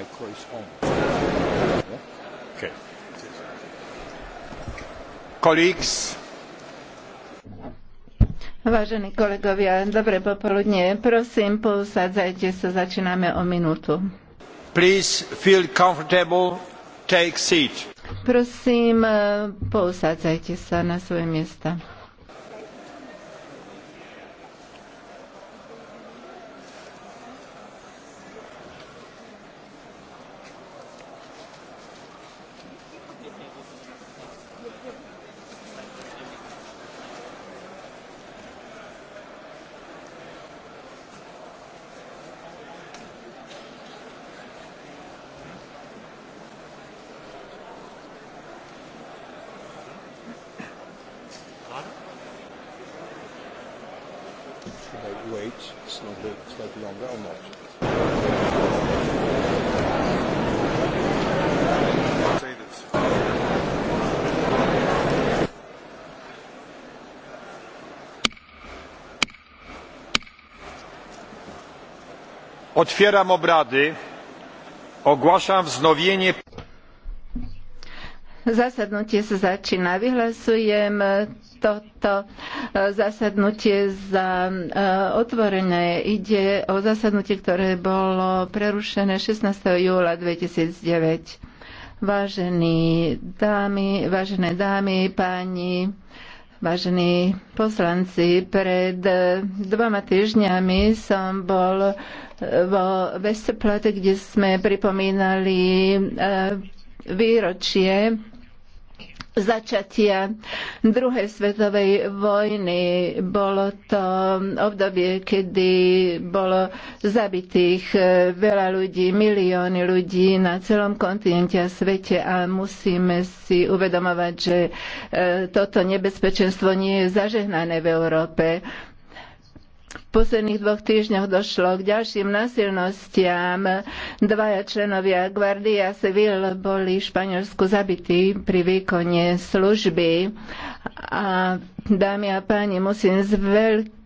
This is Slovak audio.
micro is on. Okay. Colleagues. Vážení kolegovia, dobré popoludne. Prosím, posadzajte sa, začíname o minútu. Please feel comfortable, take seat. Prosím, eh, posadzajte sa na svoje miesta. should they slightly, slightly longer or not? Otwieram obrady. Ogłaszam wznowienie Zasadnutie sa začína. Vyhlasujem toto e, zasadnutie za e, otvorené. Ide o zasadnutie, ktoré bolo prerušené 16. júla 2009. Vážení dámy, vážené dámy, páni, vážení poslanci, pred e, dvoma týždňami som bol vo Vesteplate, kde sme pripomínali výročie začatia druhej svetovej vojny. Bolo to obdobie, kedy bolo zabitých e, veľa ľudí, milióny ľudí na celom kontinente a svete a musíme si uvedomovať, že e, toto nebezpečenstvo nie je zažehnané v Európe posledných dvoch týždňoch došlo k ďalším násilnostiam. Dvaja členovia Guardia Civil boli v Španielsku zabití pri výkone služby. A dámy a páni, musím s veľkým